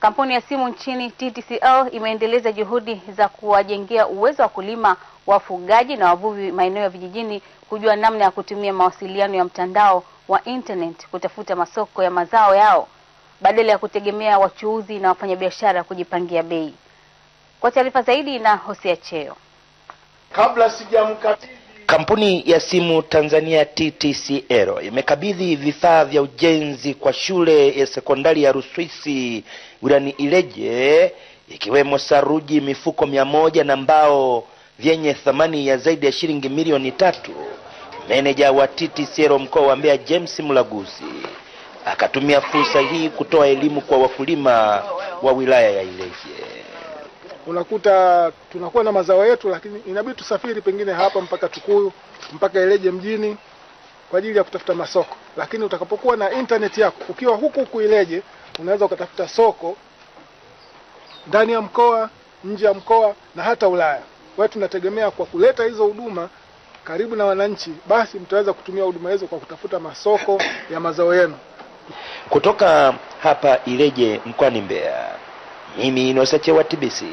Kampuni ya simu nchini TTCL imeendeleza juhudi za kuwajengea uwezo wa kulima wafugaji na wavuvi maeneo ya vijijini kujua namna ya kutumia mawasiliano ya mtandao wa internet kutafuta masoko ya mazao yao badala ya kutegemea wachuuzi na wafanyabiashara kujipangia bei. Kwa taarifa zaidi na Hosea Cheo. Kabla sijamkati Kampuni ya simu Tanzania TTCL imekabidhi vifaa vya ujenzi kwa shule ya sekondari ya Ruswisi wilani Ileje ikiwemo saruji, mifuko mia moja na mbao vyenye thamani ya zaidi ya shilingi milioni tatu. Meneja wa TTCL mkoa wa Mbeya James Mlaguzi akatumia fursa hii kutoa elimu kwa wakulima wa wilaya ya Ileje unakuta tunakuwa na mazao yetu, lakini inabidi tusafiri pengine hapa mpaka Tukuyu mpaka Ileje mjini kwa ajili ya kutafuta masoko. Lakini utakapokuwa na internet yako ukiwa huku huku Ileje, unaweza ukatafuta soko ndani ya mkoa, nje ya mkoa na hata Ulaya. Kwa hiyo tunategemea kwa kuleta hizo huduma karibu na wananchi, basi mtaweza kutumia huduma hizo kwa kutafuta masoko ya mazao yenu. Kutoka hapa Ileje mkoani Mbeya, mimi Innocent wa TBC.